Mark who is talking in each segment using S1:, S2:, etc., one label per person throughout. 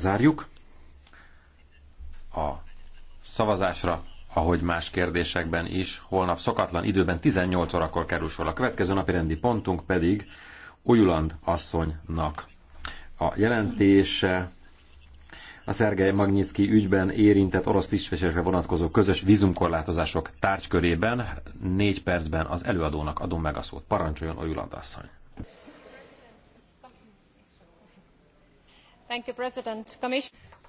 S1: zárjuk. A szavazásra, ahogy más kérdésekben is, holnap szokatlan időben 18 órakor kerül sor. A következő napi rendi pontunk pedig Ujuland asszonynak a jelentése a Szergej Magnyiszki ügyben érintett orosz tisztviselőkre vonatkozó közös vízumkorlátozások tárgykörében. Négy percben az előadónak adom meg a szót. Parancsoljon, Ojuland asszony!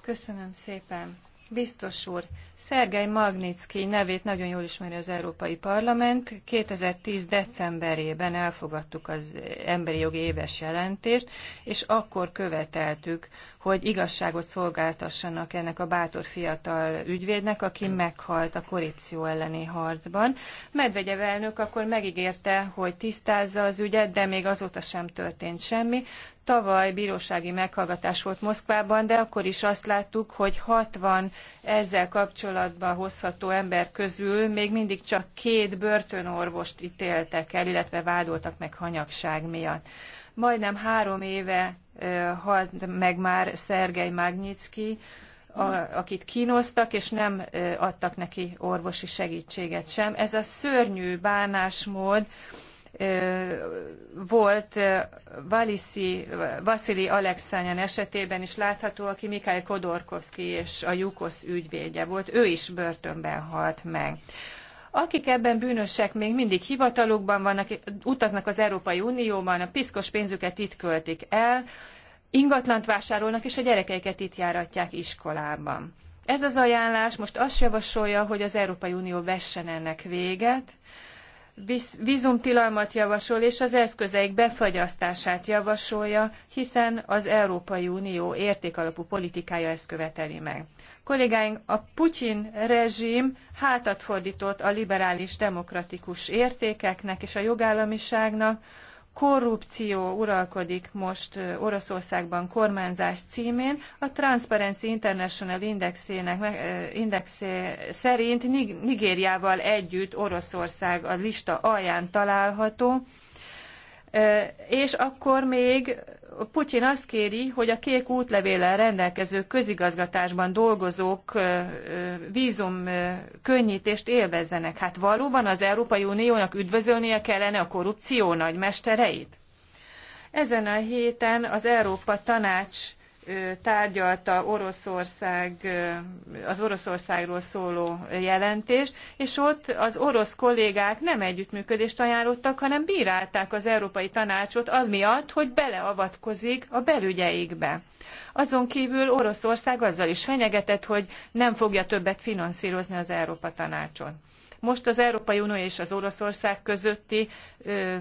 S2: Köszönöm szépen. Biztos úr, Szergej Magnitsky nevét nagyon jól ismeri az Európai Parlament. 2010. decemberében elfogadtuk az emberi jogi éves jelentést, és akkor követeltük, hogy igazságot szolgáltassanak ennek a bátor fiatal ügyvédnek, aki meghalt a korrupció elleni harcban. Medvegyev elnök akkor megígérte, hogy tisztázza az ügyet, de még azóta sem történt semmi. Tavaly bírósági meghallgatás volt Moszkvában, de akkor is azt láttuk, hogy 60 ezzel kapcsolatban hozható ember közül még mindig csak két börtönorvost ítéltek el, illetve vádoltak meg hanyagság miatt. Majdnem három éve halt meg már Szergej Magnyitski, akit kínoztak, és nem adtak neki orvosi segítséget sem. Ez a szörnyű bánásmód, volt Valiszi, Vasili Alexányan esetében is látható, aki Mikhail Kodorkovszki és a Jukosz ügyvédje volt. Ő is börtönben halt meg. Akik ebben bűnösek, még mindig hivatalukban vannak, utaznak az Európai Unióban, a piszkos pénzüket itt költik el, ingatlant vásárolnak, és a gyerekeiket itt járatják iskolában. Ez az ajánlás most azt javasolja, hogy az Európai Unió vessen ennek véget, vzumtilalmat javasol, és az eszközeik befagyasztását javasolja, hiszen az Európai Unió értékalapú politikája ezt követeli meg. Kollégáink, a Putyin rezsim hátat fordított a liberális demokratikus értékeknek és a jogállamiságnak, korrupció uralkodik most Oroszországban kormányzás címén. A Transparency International indexének, indexé szerint Nigériával együtt Oroszország a lista alján található, és akkor még Putyin azt kéri, hogy a kék útlevéllel rendelkező közigazgatásban dolgozók vízum könnyítést élvezzenek. Hát valóban az Európai Uniónak üdvözölnie kellene a korrupció nagymestereit? Ezen a héten az Európa Tanács tárgyalta Oroszország, az Oroszországról szóló jelentést, és ott az orosz kollégák nem együttműködést ajánlottak, hanem bírálták az Európai Tanácsot amiatt, hogy beleavatkozik a belügyeikbe. Azon kívül Oroszország azzal is fenyegetett, hogy nem fogja többet finanszírozni az Európa Tanácson. Most az Európai Unió és az Oroszország közötti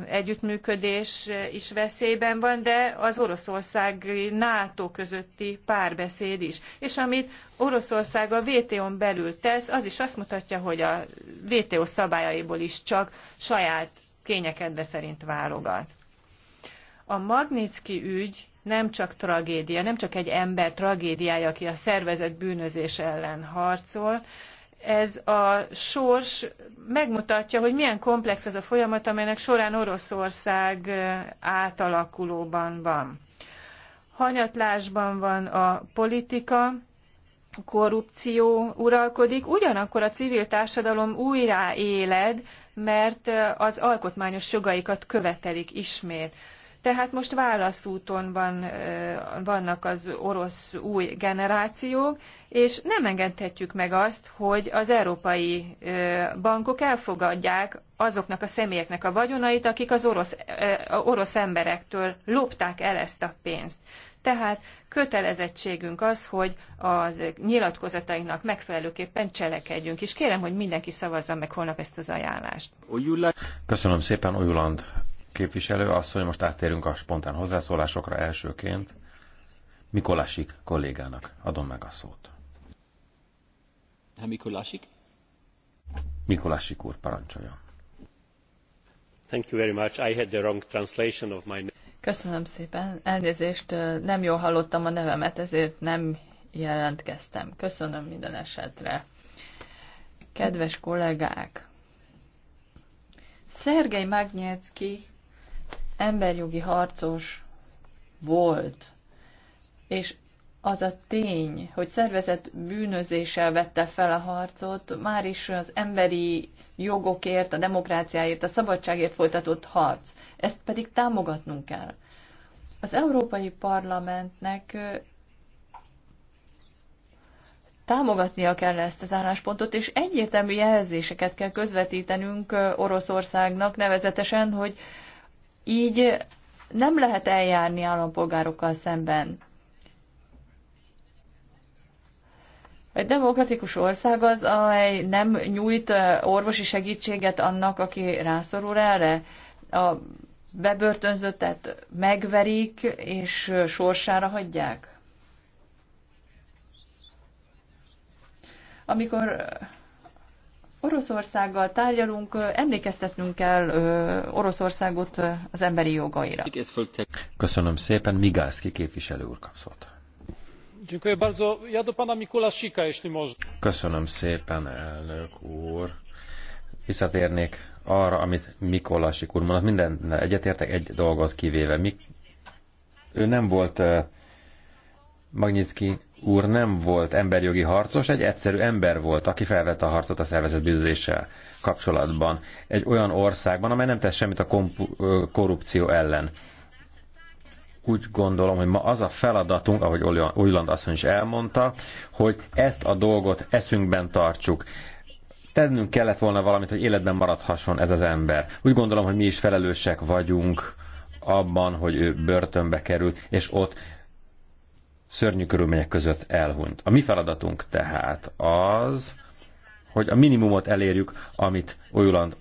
S2: együttműködés is veszélyben van, de az oroszországi NATO közötti párbeszéd is. És amit Oroszország a WTO-n belül tesz, az is azt mutatja, hogy a WTO szabályaiból is csak saját kényekedve szerint válogat. A Magnitsky ügy nem csak tragédia, nem csak egy ember tragédiája, aki a szervezet bűnözés ellen harcol, ez a sors megmutatja, hogy milyen komplex ez a folyamat, amelynek során Oroszország átalakulóban van. Hanyatlásban van a politika, korrupció uralkodik, ugyanakkor a civil társadalom újraéled, mert az alkotmányos jogaikat követelik ismét. Tehát most válaszúton van, vannak az orosz új generációk, és nem engedhetjük meg azt, hogy az európai bankok elfogadják azoknak a személyeknek a vagyonait, akik az orosz, orosz emberektől lopták el ezt a pénzt. Tehát kötelezettségünk az, hogy a nyilatkozatainknak megfelelőképpen cselekedjünk. És kérem, hogy mindenki szavazza meg holnap ezt az ajánlást.
S1: Köszönöm szépen, Ojuland képviselő asszony, most áttérünk a spontán hozzászólásokra elsőként. Mikolásik kollégának adom meg a szót. Hát Mikolásik? Mikolásik úr, parancsoljon. Thank you very much. I had the wrong translation of my
S3: Köszönöm szépen. Elnézést, nem jól hallottam a nevemet, ezért nem jelentkeztem. Köszönöm minden esetre. Kedves kollégák! Szergei Magnyecki emberjogi harcos volt, és az a tény, hogy szervezett bűnözéssel vette fel a harcot, már is az emberi jogokért, a demokráciáért, a szabadságért folytatott harc. Ezt pedig támogatnunk kell. Az Európai Parlamentnek támogatnia kell ezt az álláspontot, és egyértelmű jelzéseket kell közvetítenünk Oroszországnak, nevezetesen, hogy így nem lehet eljárni állampolgárokkal szemben. Egy demokratikus ország az, amely nem nyújt orvosi segítséget annak, aki rászorul erre. A bebörtönzöttet megverik és sorsára hagyják. Amikor Oroszországgal tárgyalunk, emlékeztetnünk kell Oroszországot az emberi jogaira.
S1: Köszönöm szépen, Migászki képviselő úr kapszott. Köszönöm szépen, elnök úr. Visszatérnék arra, amit Mikolasik úr mondott. Minden egyetértek egy dolgot kivéve. Mi, ő nem volt uh, Magnitsky úr nem volt emberjogi harcos, egy egyszerű ember volt, aki felvette a harcot a szervezett bűnözéssel kapcsolatban. Egy olyan országban, amely nem tesz semmit a korrupció ellen. Úgy gondolom, hogy ma az a feladatunk, ahogy Ulland asszony is elmondta, hogy ezt a dolgot eszünkben tartsuk tennünk kellett volna valamit, hogy életben maradhasson ez az ember. Úgy gondolom, hogy mi is felelősek vagyunk abban, hogy ő börtönbe került, és ott szörnyű körülmények között elhunyt. A mi feladatunk tehát az, hogy a minimumot elérjük, amit Ojuland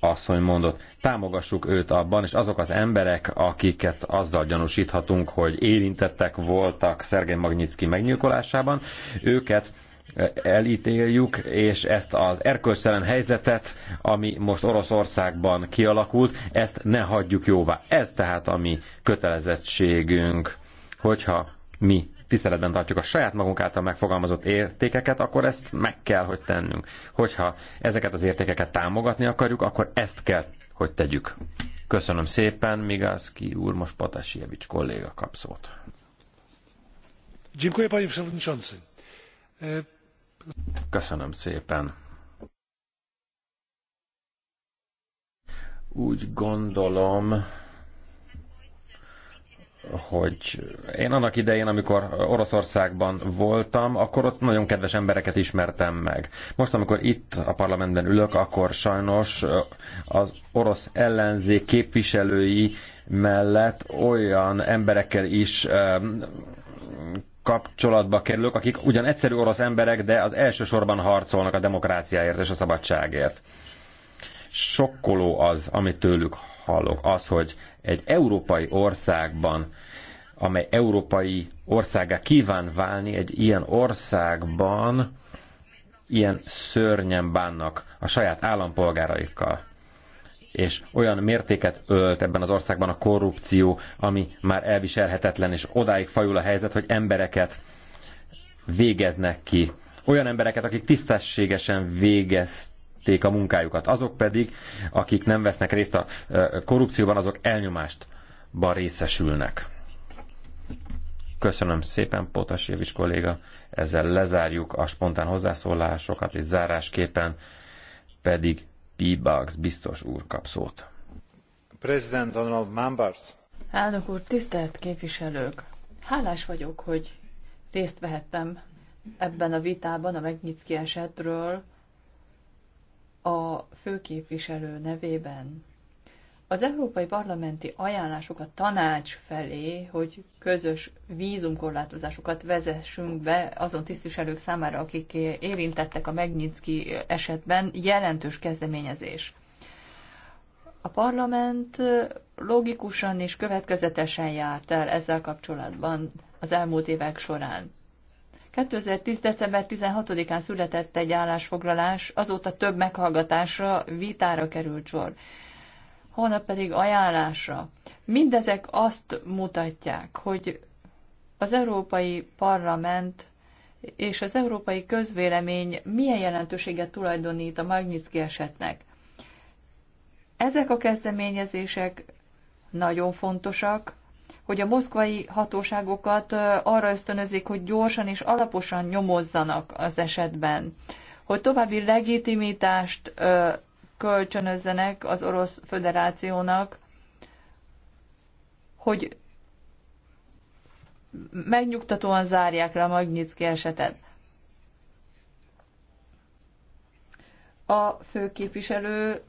S1: asszony mondott. Támogassuk őt abban, és azok az emberek, akiket azzal gyanúsíthatunk, hogy érintettek voltak Szergej Magnyitszki megnyilkolásában, őket eh, elítéljük, és ezt az erkölcstelen helyzetet, ami most Oroszországban kialakult, ezt ne hagyjuk jóvá. Ez tehát a mi kötelezettségünk, hogyha mi tiszteletben tartjuk a saját magunk által megfogalmazott értékeket, akkor ezt meg kell, hogy tennünk. Hogyha ezeket az értékeket támogatni akarjuk, akkor ezt kell, hogy tegyük. Köszönöm szépen, Migászki úr, most Patasievics kolléga kap szót. E, Köszönöm szépen. Úgy gondolom, hogy én annak idején, amikor Oroszországban voltam, akkor ott nagyon kedves embereket ismertem meg. Most, amikor itt a parlamentben ülök, akkor sajnos az orosz ellenzék képviselői mellett olyan emberekkel is kapcsolatba kerülök, akik ugyan egyszerű orosz emberek, de az elsősorban harcolnak a demokráciáért és a szabadságért. Sokkoló az, amit tőlük hallok, az, hogy egy európai országban, amely európai országá kíván válni, egy ilyen országban ilyen szörnyen bánnak a saját állampolgáraikkal és olyan mértéket ölt ebben az országban a korrupció, ami már elviselhetetlen, és odáig fajul a helyzet, hogy embereket végeznek ki. Olyan embereket, akik tisztességesen végez, a munkájukat. Azok pedig, akik nem vesznek részt a korrupcióban, azok elnyomástban részesülnek. Köszönöm szépen, Potas Jévis kolléga. Ezzel lezárjuk a spontán hozzászólásokat, és zárásképpen pedig P-Bugs biztos úr kap szót. President Donald Mambars.
S3: Elnök úr, tisztelt képviselők! Hálás vagyok, hogy részt vehettem ebben a vitában a Megnyitszki esetről, a főképviselő nevében az európai parlamenti ajánlások a tanács felé, hogy közös vízumkorlátozásokat vezessünk be azon tisztviselők számára, akik érintettek a Megnyitszki esetben, jelentős kezdeményezés. A parlament logikusan és következetesen járt el ezzel kapcsolatban az elmúlt évek során. 2010. december 16-án született egy állásfoglalás, azóta több meghallgatásra, vitára került sor. Holnap pedig ajánlásra. Mindezek azt mutatják, hogy az Európai Parlament és az európai közvélemény milyen jelentőséget tulajdonít a Magnitsky esetnek. Ezek a kezdeményezések nagyon fontosak, hogy a moszkvai hatóságokat arra ösztönözik, hogy gyorsan és alaposan nyomozzanak az esetben, hogy további legitimitást kölcsönözzenek az Orosz Föderációnak, hogy megnyugtatóan zárják le a Magnitsky esetet. A főképviselő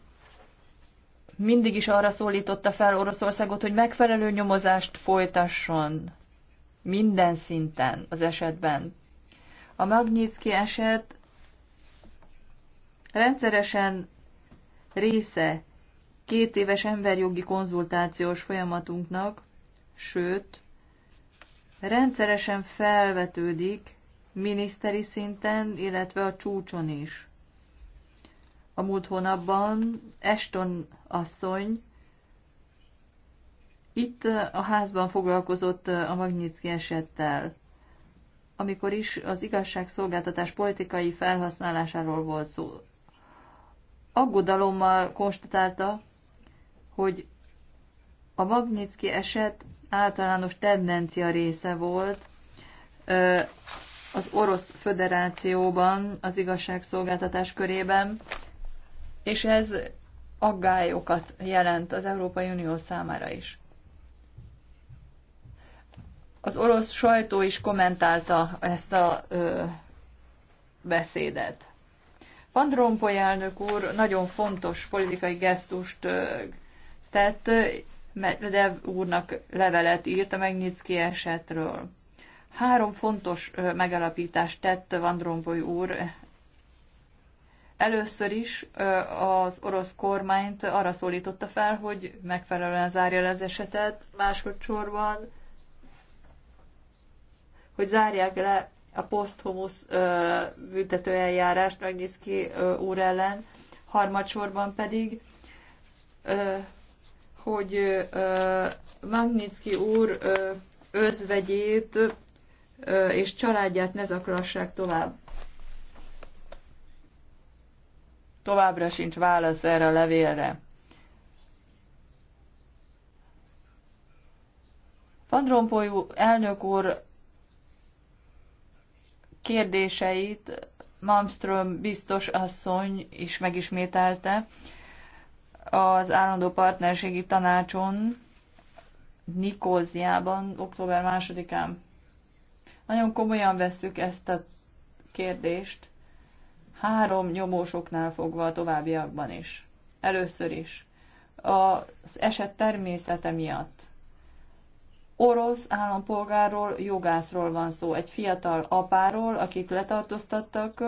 S3: mindig is arra szólította fel Oroszországot, hogy megfelelő nyomozást folytasson minden szinten az esetben. A Magnitsky eset rendszeresen része két éves emberjogi konzultációs folyamatunknak, sőt, rendszeresen felvetődik miniszteri szinten, illetve a csúcson is a múlt hónapban Eston asszony itt a házban foglalkozott a Magnitsky esettel, amikor is az igazságszolgáltatás politikai felhasználásáról volt szó. Aggodalommal konstatálta, hogy a Magnitsky eset általános tendencia része volt az Orosz Föderációban, az igazságszolgáltatás körében, és ez aggályokat jelent az Európai Unió számára is. Az orosz sajtó is kommentálta ezt a ö, beszédet. Van Rompuy elnök úr nagyon fontos politikai gesztust ö, tett, Medvedev úrnak levelet írt a Megnyitszki esetről. Három fontos megalapítást tett Van Rompuy úr Először is az orosz kormányt arra szólította fel, hogy megfelelően zárja le az esetet, másodszorban, hogy zárják le a poszthumusz büntetőeljárást Magnitsky úr ellen, harmadsorban pedig, hogy Magnitsky úr özvegyét és családját ne zaklassák tovább. továbbra sincs válasz erre a levélre. Van Rompuy elnök úr kérdéseit Malmström biztos asszony is megismételte az állandó partnerségi tanácson Nikóziában október másodikán. Nagyon komolyan vesszük ezt a kérdést, három nyomósoknál fogva a továbbiakban is. Először is. Az eset természete miatt. Orosz állampolgárról, jogászról van szó, egy fiatal apáról, akit letartóztattak,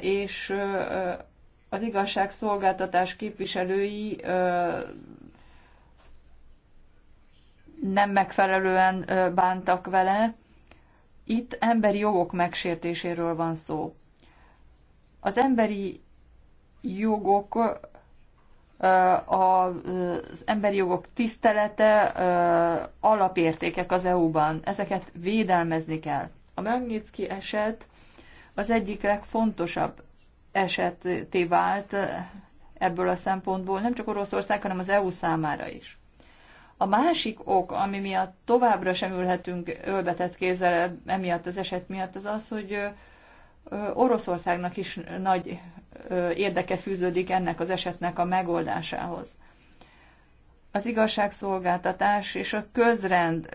S3: és az igazságszolgáltatás képviselői nem megfelelően bántak vele. Itt emberi jogok megsértéséről van szó. Az emberi jogok az emberi jogok tisztelete alapértékek az EU-ban. Ezeket védelmezni kell. A Magnitsky eset az egyik legfontosabb eseté vált ebből a szempontból, nem csak Oroszország, hanem az EU számára is. A másik ok, ami miatt továbbra sem ülhetünk ölbetett kézzel e-, emiatt az eset miatt, az az, hogy Oroszországnak is nagy érdeke fűződik ennek az esetnek a megoldásához. Az igazságszolgáltatás és a közrend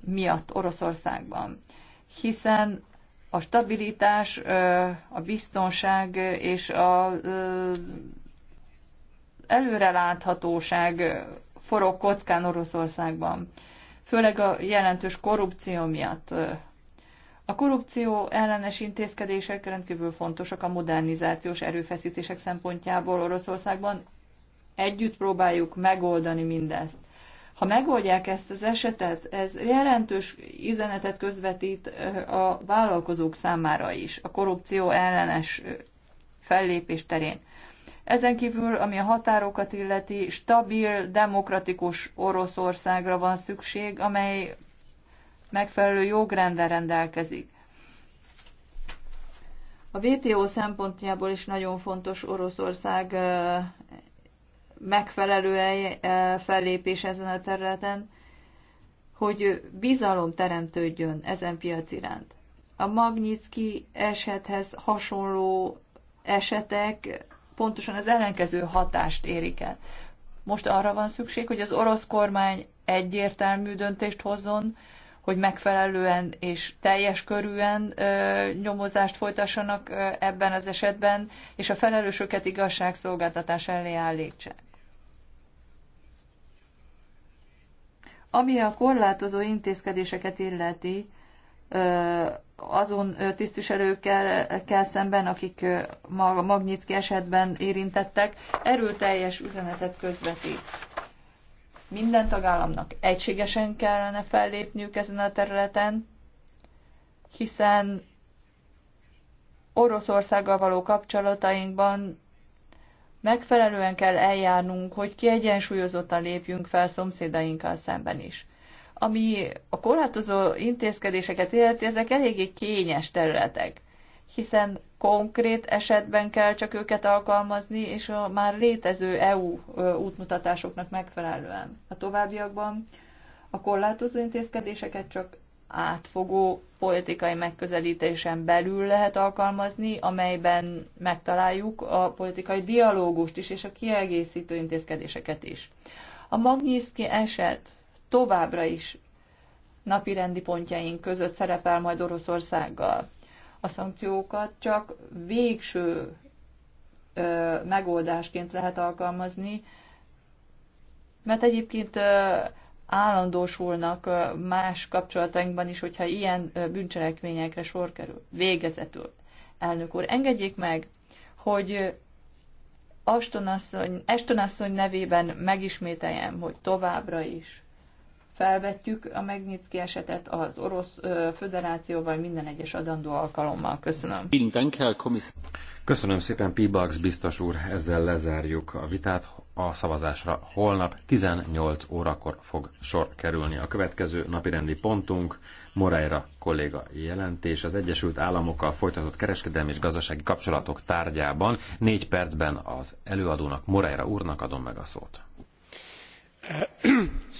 S3: miatt Oroszországban, hiszen a stabilitás, a biztonság és a előreláthatóság forog kockán Oroszországban, főleg a jelentős korrupció miatt a korrupció ellenes intézkedések rendkívül fontosak a modernizációs erőfeszítések szempontjából Oroszországban. Együtt próbáljuk megoldani mindezt. Ha megoldják ezt az esetet, ez jelentős üzenetet közvetít eh, a vállalkozók számára is, a korrupció ellenes eh, fellépés terén. Ezen kívül, ami a határokat illeti, stabil, demokratikus Oroszországra van szükség, amely megfelelő jogrendel rendelkezik. A WTO szempontjából is nagyon fontos Oroszország megfelelő fellépés ezen a területen, hogy bizalom teremtődjön ezen piac iránt. A Magnitsky esethez hasonló esetek pontosan az ellenkező hatást érik el. Most arra van szükség, hogy az orosz kormány egyértelmű döntést hozzon, hogy megfelelően és teljes körűen nyomozást folytassanak ebben az esetben, és a felelősöket igazságszolgáltatás elé állítsák. Ami a korlátozó intézkedéseket illeti, azon tisztviselőkkel kell szemben, akik a Magnitsky esetben érintettek, erőteljes üzenetet közvetít. Minden tagállamnak egységesen kellene fellépniük ezen a területen, hiszen Oroszországgal való kapcsolatainkban megfelelően kell eljárnunk, hogy kiegyensúlyozottan lépjünk fel szomszédainkkal szemben is. Ami a korlátozó intézkedéseket illeti, ezek eléggé kényes területek, hiszen konkrét esetben kell csak őket alkalmazni, és a már létező EU útmutatásoknak megfelelően. A továbbiakban a korlátozó intézkedéseket csak átfogó politikai megközelítésen belül lehet alkalmazni, amelyben megtaláljuk a politikai dialógust is, és a kiegészítő intézkedéseket is. A Magnyiszki eset továbbra is napirendi pontjaink között szerepel majd Oroszországgal a szankciókat csak végső megoldásként lehet alkalmazni, mert egyébként állandósulnak más kapcsolatainkban is, hogyha ilyen bűncselekményekre sor kerül. Végezetül, elnök úr, engedjék meg, hogy Ashton asszony, Ashton asszony nevében megismételjem, hogy továbbra is felvetjük a Magnitsky esetet az Orosz Föderációval minden egyes adandó alkalommal. Köszönöm.
S1: Köszönöm szépen, Pibax biztos úr, ezzel lezárjuk a vitát. A szavazásra holnap 18 órakor fog sor kerülni. A következő napirendi pontunk Moreira kolléga jelentés az Egyesült Államokkal folytatott kereskedelmi és gazdasági kapcsolatok tárgyában. Négy percben az előadónak, Moreira úrnak adom meg a szót.